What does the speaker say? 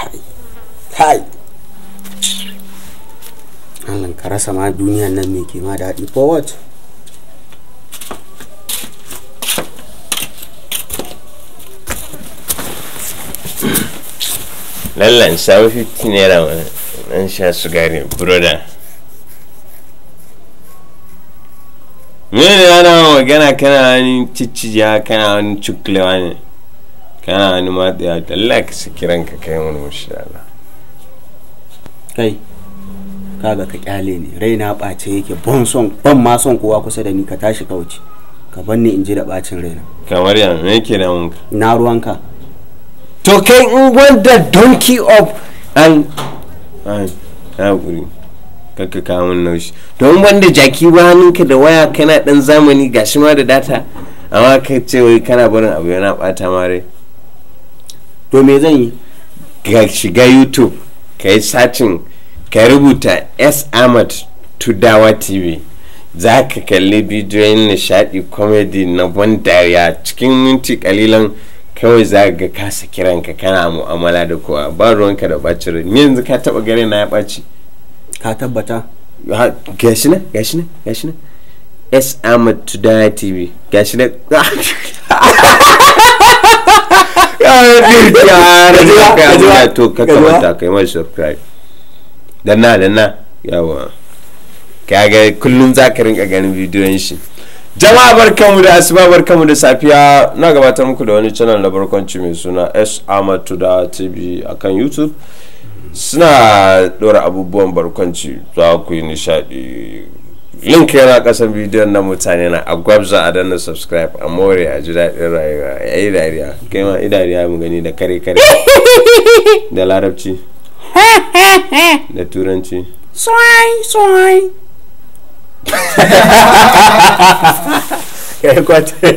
kai kai Allah ka rasa ma duniyan nan me ke ma daɗi forward lallan samu 50 naira mana an sha sigari broda ne da magana kana wani cicciya kana wani cikulewa ne kana wani matsaya Allah ka kiran ka kai wani mushi Allah kai kaga ka kyale ni raina ɓace yake ban son ban ma son kowa kusa da ni ka tashi ka wuce ka ban ni in ji da ɓacin raina kamar yan me yake da mun na ruwanka to kai in wanda donkey of an an hakuri kakka kamun naushi in wanda jaki ba ninka da waya kana dan zamani gashi ma da data amma ka ce wai kana barin abu yana bata ma rai to me zan yi ka shiga youtube ka yi satin ka rubuta s ahmad tudawa tv za ka kalli bidiyoyin nishadi comedy na ban dariya cikin minti kalilan kawai za ga kasa kiranka kana mu'amala da kowa ba ruwanka da ɓacin rai ni yanzu ka taɓa gare na ya ɓaci ka tabbata gashi ne gashi na gashi ne s ahmad tudawa tv gashi na gajiya to jama'a barkanmu da asuba barkanmu da safiya na gabatar muku da wani channel na barkwanci mai suna s amatu da tv akan youtube suna dora abubuwan barkwanci za ku yi nishadi link yana kasan bidiyon na mutane na a gwabza a danna subscribe a more a ji daɗin rayuwa a yi dariya kai ma idariya mu gani da kare kare da larabci da turanci swai swai kai kwata